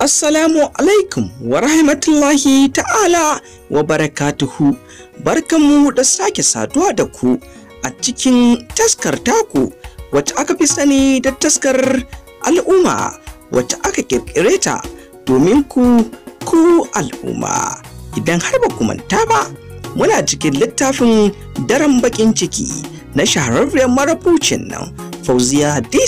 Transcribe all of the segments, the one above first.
Assalamu alaikum wa rahmatullahi ta'ala wa barakatuhu barkanmu da sake saduwa da ku a cikin taskar taku wacce aka fi sani da taskar al'umma wacce aka kirkire ta domin ku ku al'umma idan har ba ku manta ba muna cikin littafin daren bakin ciki na shahararren marabucin nan fauziya d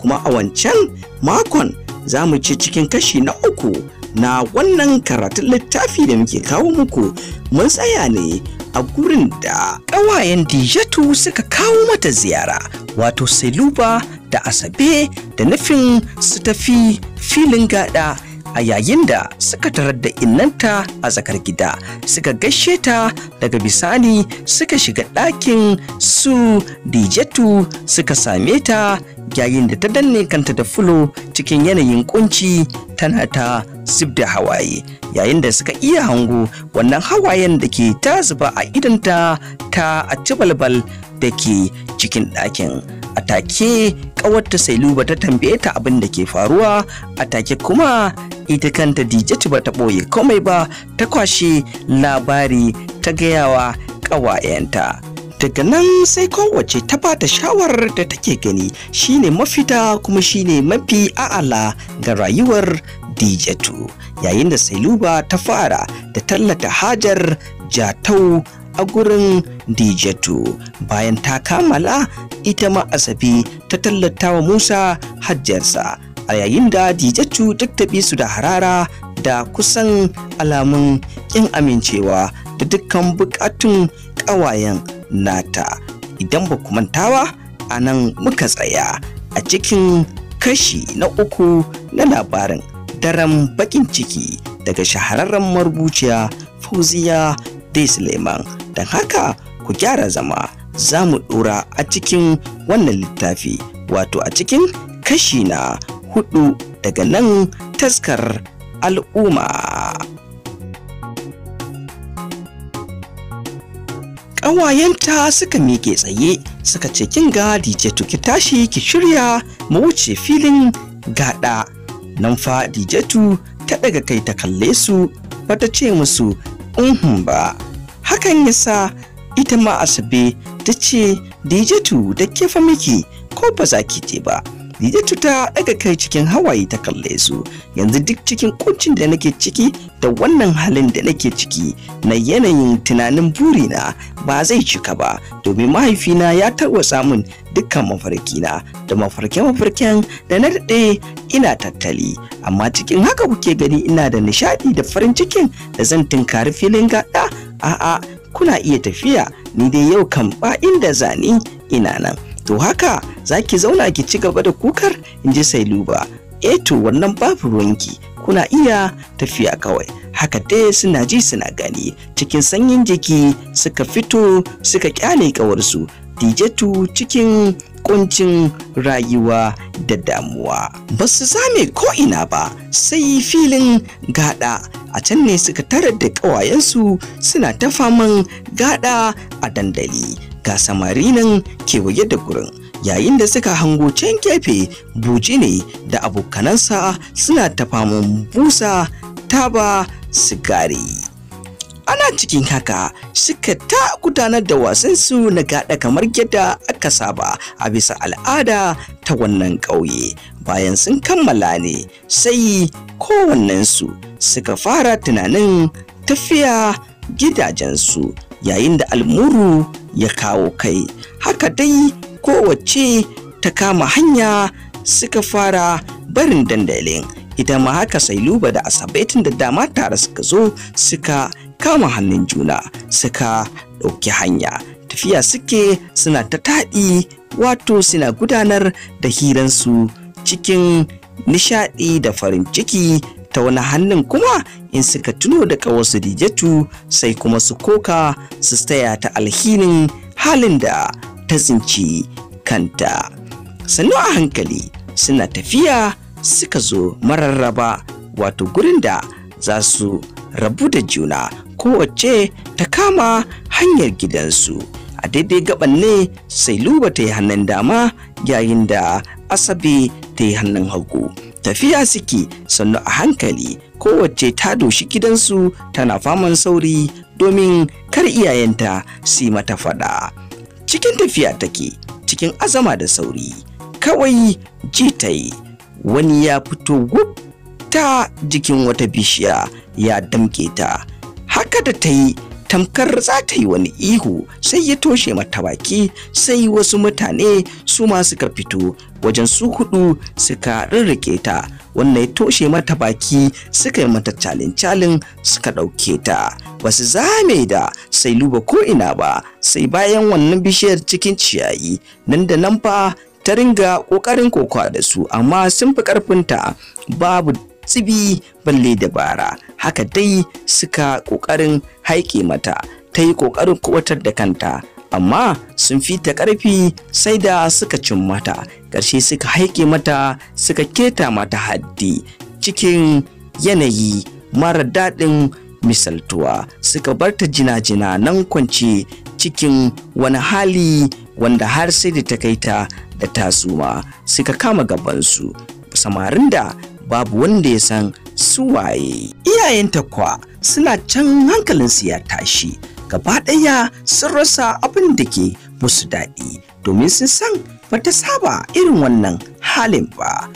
kuma a wancan makon za mu ce cikin kashi na uku na wannan karatun littafi da muke kawo muku mun tsaya ne a gurin da ƙawayen dijatu suka kawo mata ziyara wato seluba da asabe da nufin su tafi filin gada a yayin da suka tarar da innanta a zakar gida suka gaishe ta daga bisani suka shiga ɗakin su dijetu suka same ta yayin da ta danne kanta da fulo cikin yanayin kunci tana ta sif da hawaye yayin da suka iya hango wannan hawayen da ke ta zuba a idanta ta a cibalbal da ke cikin ɗakin a take ƙawarta Luba ta tambaye ta abin da ke faruwa a take kuma ita kanta dijeti ba ta ɓoye komai ba ta kwashe labari ta gayawa ƙawayenta daga nan sai kowace ta bata shawarar da take gani shine mafita kuma shine mafi a'ala ga rayuwar Dijatu- yayin da Sailuba ta fara da tallata hajar jatau a gurin Dijatu bayan ta kamala ita ma Asafi ta tallata wa Musa hajjarsa a yayin da Dijatu ta su da harara da kusan alamun kin amincewa da dukkan bukatun ƙawayen nata idan ba ku mantawa a nan muka tsaya a cikin kashi na uku na labarin daren bakin ciki daga shahararren marubuciya Fuziya dai suleiman don haka ku gyara zama za mu ɗora a cikin wannan littafi wato a cikin kashi na hudu daga nan taskar al'umma ƙawayenta suka miƙe tsaye suka ce kin ce dj ki tashi ki shirya mu wuce filin gada nan fa dijetu ta daga kai ta kalle su bata ce musu uhun ba hakan yasa ita ma asabe ta ce dijetu da kefa miki ko ba za ki je ba Lijatu ta ɗaga kai cikin hawaye ta kalle su yanzu duk cikin kuncin da nake ciki da wannan halin da nake ciki na yanayin tunanin burina ba zai cika ba domin mahaifina ya tarwatsa min dukkan mafarkina da mafarke-mafarken da na daɗe ina tattali amma cikin haka kuke gani ina da nishaɗi da farin cikin da zan tunkari filin gaɗa a'a kuna iya tafiya ni dai yau kan ba inda zani ina nan to haka za ki zauna ki ci gaba da kukar in ji sai luba eh to wannan babu ruwanki kuna iya tafiya kawai haka dai suna ji suna gani cikin sanyin jiki suka fito suka kyale kawarsu dijetu cikin kuncin rayuwa da damuwa ba su zame ko'ina ba sai filin gada a can ne suka tarar da ƙawayensu suna ta faman gada a dandali ga samari nan kewaye da gurin yayin da suka hango can kefe ne da abokanansa suna tafaman busa taba sigari ana cikin haka suka ta gudanar da wasansu na gada kamar yadda aka saba a bisa al'ada ta wannan ƙauye bayan sun kammala ne sai kowannensu suka fara tunanin tafiya gidajensu yayin da almuru ya kawo kai haka dai kowace ta kama hanya suka fara barin dandalin ita ma haka sai luba da asabetin da dama tare suka zo suka kama hannun juna suka ɗauki hanya tafiya suke suna ta taɗi wato suna gudanar da hiransu cikin nishaɗi da farin ciki ta wani hannun kuma in suka tuno da ƙawarsu dijatu sai kuma su koka su taya ta alhinin halin da ta tsinci kanta sannu a hankali suna tafiya suka zo mararraba wato gurin da za su rabu da juna kowace ta kama hanyar gidansu a daidai gaban ne sai luba ta yi hannun dama yayin da asabe ta yi hannun hagu tafiya suke sannu a hankali kowace ta doshi gidansu tana faman sauri domin kar iyayenta su yi mata fada cikin tafiya take cikin azama da sauri kawai ji ta yi wani ya fito gub ta jikin wata bishiya ya damke ta haka da ta yi tamkar za ta yi wani ihu sai ya toshe mata baki sai wasu mutane su ma suka fito wajen su hudu suka rirrike ta wannan ya toshe mata baki suka yi mata calin-calin suka ɗauke ta ba su zame da sai luba ko ina ba sai bayan wannan bishiyar cikin ciyayi nan da nan fa ta ringa ƙoƙarin kokowa da su amma sun fi ƙarfinta babu tsibi balle da bara, haka dai suka ƙoƙarin haike mata ta yi ƙoƙarin kubatar da kanta amma sun fi ta ƙarfi sai da suka cin mata ƙarshe suka haike mata suka keta mata haddi cikin yanayi mara daɗin misaltuwa suka bar ta jina-jina nan kwance cikin wani hali wanda har sai da ta kai ta da tasuma suka kama gabansu samarin da babu wanda ya san su waye iyayenta kwa suna can hankalinsu ya tashi gaba ɗaya sun rasa abin da ke musu daɗi domin sun san bata saba irin wannan halin ba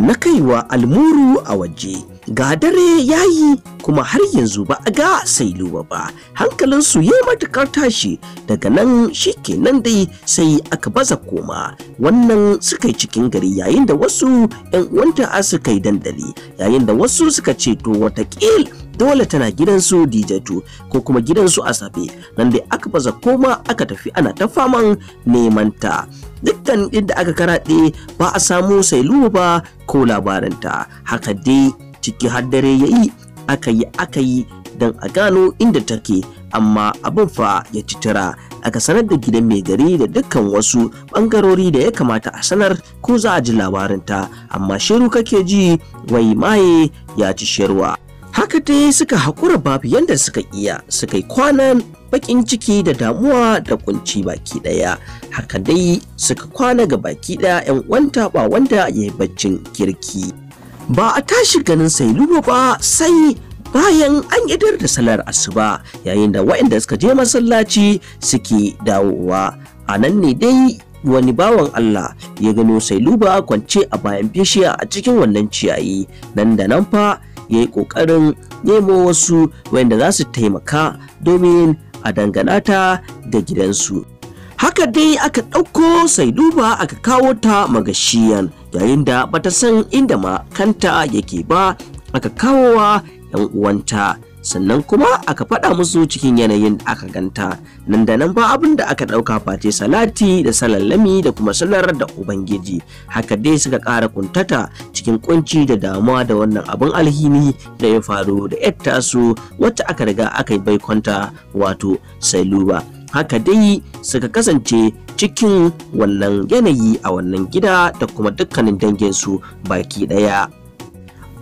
na kaiwa almuru a waje ga dare ya yi kuma har yanzu ba a ga sai luba ba hankalinsu ya matukar tashi daga nan shi nan dai sai aka baza koma wannan suka yi cikin gari yayin da wasu 'yan uwanta suka yi dandali yayin da wasu suka ceto watakil dole tana gidansu dijatu ko kuma gidansu a safe nan dai aka baza koma aka tafi ana ta faman neman ta dukkan inda aka karaɗe ba a samu sai ba ko labarinta haka dai ciki har dare ya yi aka yi aka yi don a gano inda take amma abin fa ya ci tura aka sanar da gidan mai gari da dukkan wasu bangarori da ya kamata a sanar ko za a ji labarinta amma shiru kake ji wai maye ya ci shirwa haka dai suka haƙura babu yadda suka iya suka yi kwanan baƙin ciki da damuwa da kunci baki ɗaya haka dai suka kwana ga baki ɗaya 'yan wanta ba wanda ya yi baccin kirki ba a tashi ganin sai ba sai bayan an idar da salar asuba yayin da waɗanda suka je masallaci suke dawowa a nan ne dai wani bawan Allah ya gano Sailuba kwance a bayan bishiya a cikin wannan ciyayi nan da nan fa ya yi ƙoƙarin nemo wasu wanda za su taimaka domin a dangana ta da gidansu. haka dai aka ɗauko sai duba aka kawo ta magashiyan yayin da bata san inda ma kanta yake ba aka kawowa yan uwanta sannan kuma aka faɗa musu cikin yanayin da aka ganta nan da nan ba abin da aka ɗauka face salati da salallami da kuma salar da ubangiji haka dai suka ƙara kuntata cikin kunci da damuwa da wannan abin alhini da ya faru da yar tasu wacce aka riga aka yi baikonta wato sailuba haka dai suka kasance cikin wannan yanayi a wannan gida da kuma dukkanin danginsu baki ɗaya.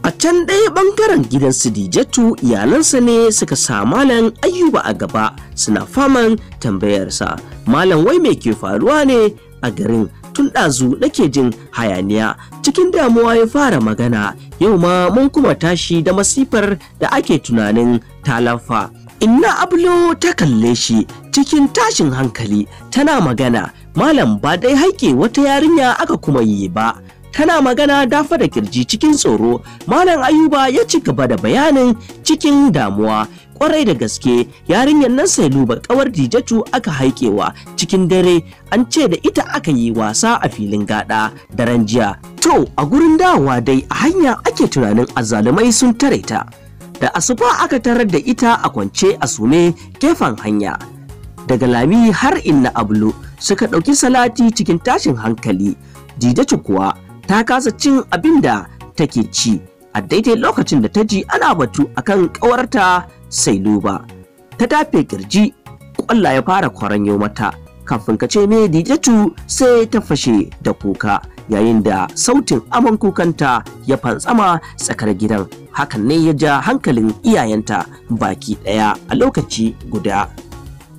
A can ɗaya ɓangaren gidan su Dijatu iyalansa ne suka sa Malam Ayuba a gaba suna faman tambayarsa. Malam wai me ke faruwa ne a garin tun ɗazu nake jin hayaniya cikin damuwa ya fara magana yau ma mun kuma tashi da masifar da ake tunanin talafa. Inna Ablo ta kalle shi cikin tashin hankali tana magana malam ba dai haike wata yarinya aka kuma yi ba tana magana dafa da kirji cikin tsoro malam ayuba ya ci gaba da bayanin cikin damuwa kwarai da gaske yarinyar nan sai luba kawar dijatu aka haikewa cikin dare an ce da ita aka yi wasa a filin gada daren jiya to a gurin dawa dai a hanya ake tunanin azzalumai sun tare ta da asuba aka tarar da ita a kwance a sume gefen hanya daga lami har inna ablu suka ɗauki salati cikin tashin hankali Didatu kuwa ta kasa cin abin da take ci a daidai lokacin da ta ji ana batu akan ƙawarta sai luba ta tafe kirji kwalla ya fara kwaranyo mata kafin ka ce me dijatu sai ta fashe da kuka yayin da sautin aman kukanta ya fantsama tsakar gidan hakan ne ya ja hankalin iyayenta baki ɗaya a lokaci guda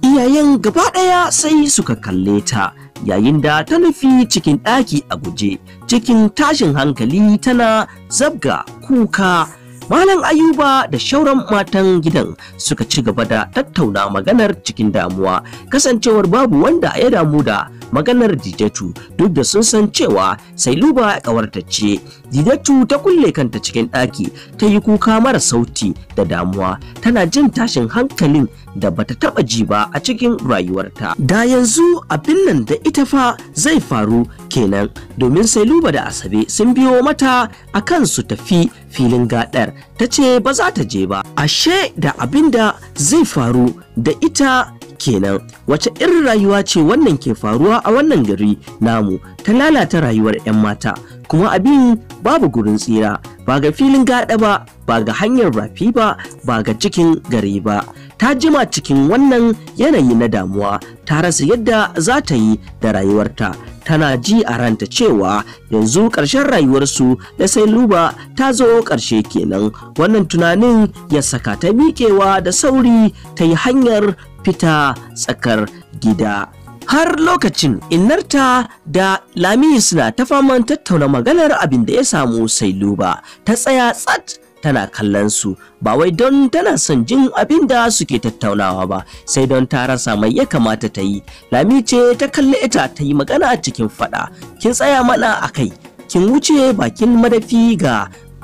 iyayen gaba ɗaya sai suka kalle ta yayin da ta nufi cikin ɗaki a guje cikin tashin hankali tana zabga kuka malam ayuba da shauran matan gidan suka ci gaba da tattauna maganar cikin damuwa kasancewar babu wanda ya damu da maganar didatu duk da sun san cewa sailuba luba ce didatu ta kulle kanta cikin ɗaki ta yi kuka mara gwamnati da damuwa tana jin tashin hankalin da bata taba ji ba a cikin rayuwarta da yanzu abin nan da ita fa zai faru kenan domin sai luba da asabe sun biyo mata a kan su tafi filin gadar ta ce ba za ta je ba ashe da abin da zai faru da ita kenan wace irin rayuwa ce wannan ke faruwa a wannan gari namu ta lalata rayuwar 'yan mata kuma abin babu gurin tsira ba ga filin gaɗa ba ba ga hanyar rafi ba ba ga cikin gari ba ta jima cikin wannan yanayi na damuwa ta rasa yadda za ta yi da rayuwarta tana ji a ranta cewa yanzu ƙarshen rayuwarsu da sai luba ta zo ƙarshe kenan wannan tunanin ya saka ta miƙewa da sauri ta yi hanyar fita tsakar gida har lokacin innarta da lami suna ta faman tattauna maganar abin da ya samu sai luba ta tsaya tsat tana kallon su ba wai don tana son jin abin da suke tattaunawa ba sai don ta rasa mai ya kamata ta yi lami ce ta kalli ita ta yi magana cikin fada kin tsaya mana a kai kin wuce bakin madafi ga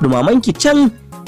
dumamanki can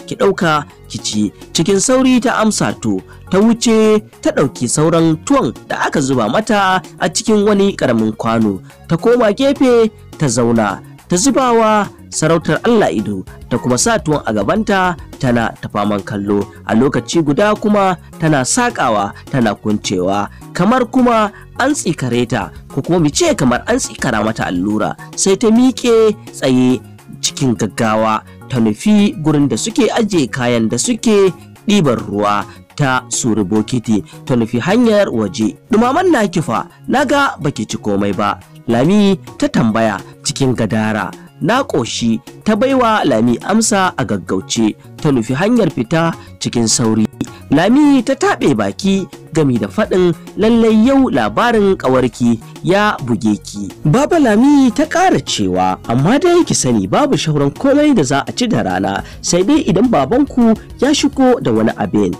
ki ɗauka ki ci cikin sauri ta amsa to ta wuce ta ɗauki sauran tuwon da aka zuba mata a cikin wani ƙaramin kwano ta koma gefe ta zauna ta zubawa sarautar Allah ido ta kuma sa tuwon a gabanta tana ta faman kallo a lokaci guda kuma tana sakawa tana kuncewa kamar kuma an tsikare ta ko kuma mu ce kamar an tsikara mata allura sai ta miƙe tsaye cikin gaggawa ta nufi gurin da suke aje kayan da suke ɗibar ruwa ta suri bokiti ta nufi hanyar waje dumaman na kifa naga baki ci komai ba lami ta tambaya cikin gadara na ƙoshi ta baiwa lami amsa a gaggauce ta nufi hanyar fita cikin sauri lami ta taɓe baki gami da faɗin lallai yau labarin ƙawarki ya buge ki. Baba Lami ta ƙara cewa amma dai ki sani babu shauran komai da za a ci da rana sai dai idan babanku ya shigo da wani abin.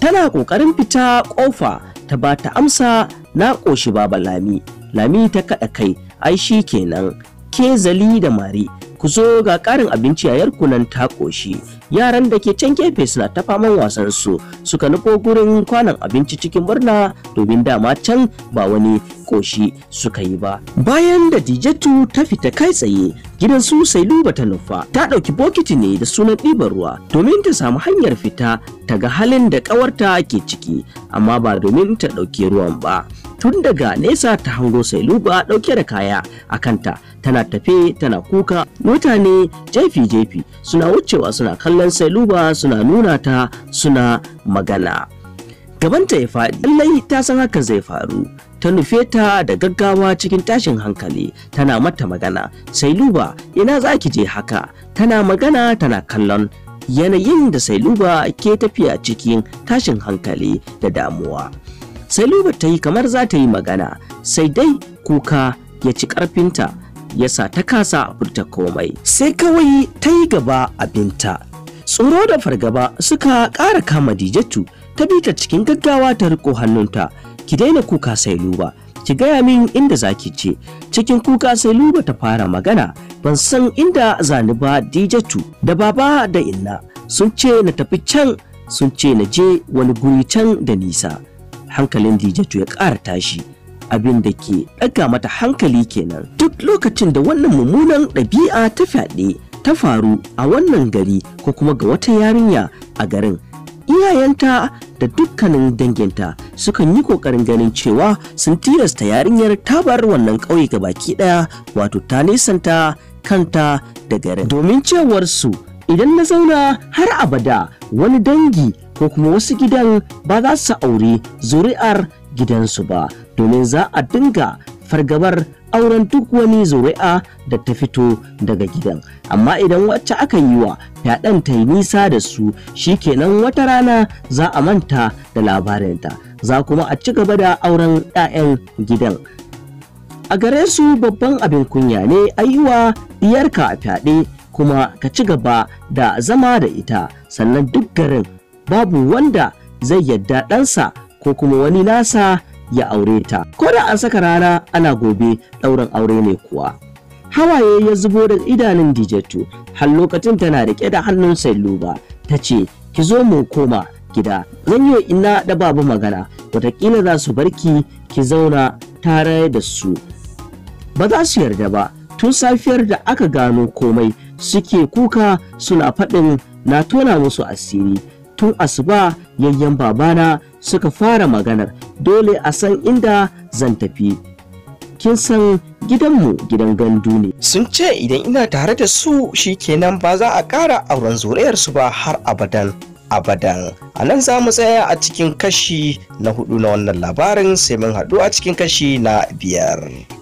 Tana ƙoƙarin fita ƙofa ta ba ta amsa na ƙoshi baba Lami. Lami ta kaɗa kai ai shi kenan ke zali da mari ku zo ga ƙarin abinci a yarkunan ta ƙoshi yaran da ke can gefe suna ta faman wasan su suka nufo gurin kwanan abinci cikin murna domin dama can ba wani ƙoshi suka yi ba bayan da dijetu ta fita kai tsaye gidan su sai Luba ta nufa ta ɗauki bokiti ne da sunan ɗiban ruwa domin ta samu hanyar fita ta ga halin da ƙawarta ke ciki amma ba domin ta ɗauki ruwan ba tun daga nesa ta hango sai luba ɗauke da kaya a kanta tana tafe tana kuka mutane jefi-jefi suna wucewa suna kallon sai luba suna nuna ta suna magana gabanta ya faɗi lallai ta san haka zai faru ta nufe ta da gaggawa cikin tashin hankali tana mata magana sai luba ina za ki je haka tana magana tana kallon yanayin da sai luba ke tafiya cikin tashin hankali da damuwa sai luba ta yi kamar za ta yi magana sai dai kuka ya ci ƙarfinta ya sa ta kasa furta komai sai kawai ta yi gaba abinta tsoro da fargaba suka ƙara kama dijatu ta bi ta cikin gaggawa ta riko hannunta ki daina kuka sai luba ki gaya min inda zaki ce cikin kuka sai luba ta fara magana ban san inda zani ba dijatu da baba da inna sun ce na tafi can sun ce na je wani guri can da nisa hankalin Dijatu ya ƙara tashi abin da ke ɗaga mata hankali kenan duk lokacin da wannan mummunan ɗabi'a ta fyaɗe ta faru a wannan gari ko kuma ga wata yarinya a garin iyayenta da dukkanin danginta sukan yi kokarin ganin cewa sun tilasta yarinyar ta bar wannan ƙauye ga baki ɗaya wato ta nisanta kanta da garin domin cewar su idan na zauna har abada wani dangi ko kuma wasu gidan ba za su auri zuri'ar gidansu ba domin za a dinga fargabar auren duk wani zuri'a da ta fito daga gidan amma idan wacce aka yi wa fyaɗen ta yi nisa da su shi kenan wata rana za a manta da labarinta za kuma a ci gaba da auren 'ya'yan gidan a gare su babban abin kunya ne a yi wa diyarka fyaɗe kuma ka ci gaba da zama da ita sannan duk garin babu wanda zai yadda ɗansa ko kuma wani nasa ya aure ta ko da an saka rana ana gobe ɗaurin aure ne kuwa hawaye ya zubo da idanun dijatu har lokacin tana riƙe da hannun sailuba ta ce ki zo mu koma gida zan yi ina da babu magana watakila za su barki ki zauna tare da su ba za su yarda ba tun safiyar da aka gano komai suke kuka suna faɗin na tona musu asiri tun asuba yayyan babana suka fara maganar dole a san inda zan tafi kin san gidanmu gidan gandu ne sun ce idan ina tare da su shikenan ba za a ƙara auren zuriyarsu ba har abadan abadan a nan za mu tsaya a cikin kashi na hudu na wannan labarin sai mun haɗu a cikin kashi na biyar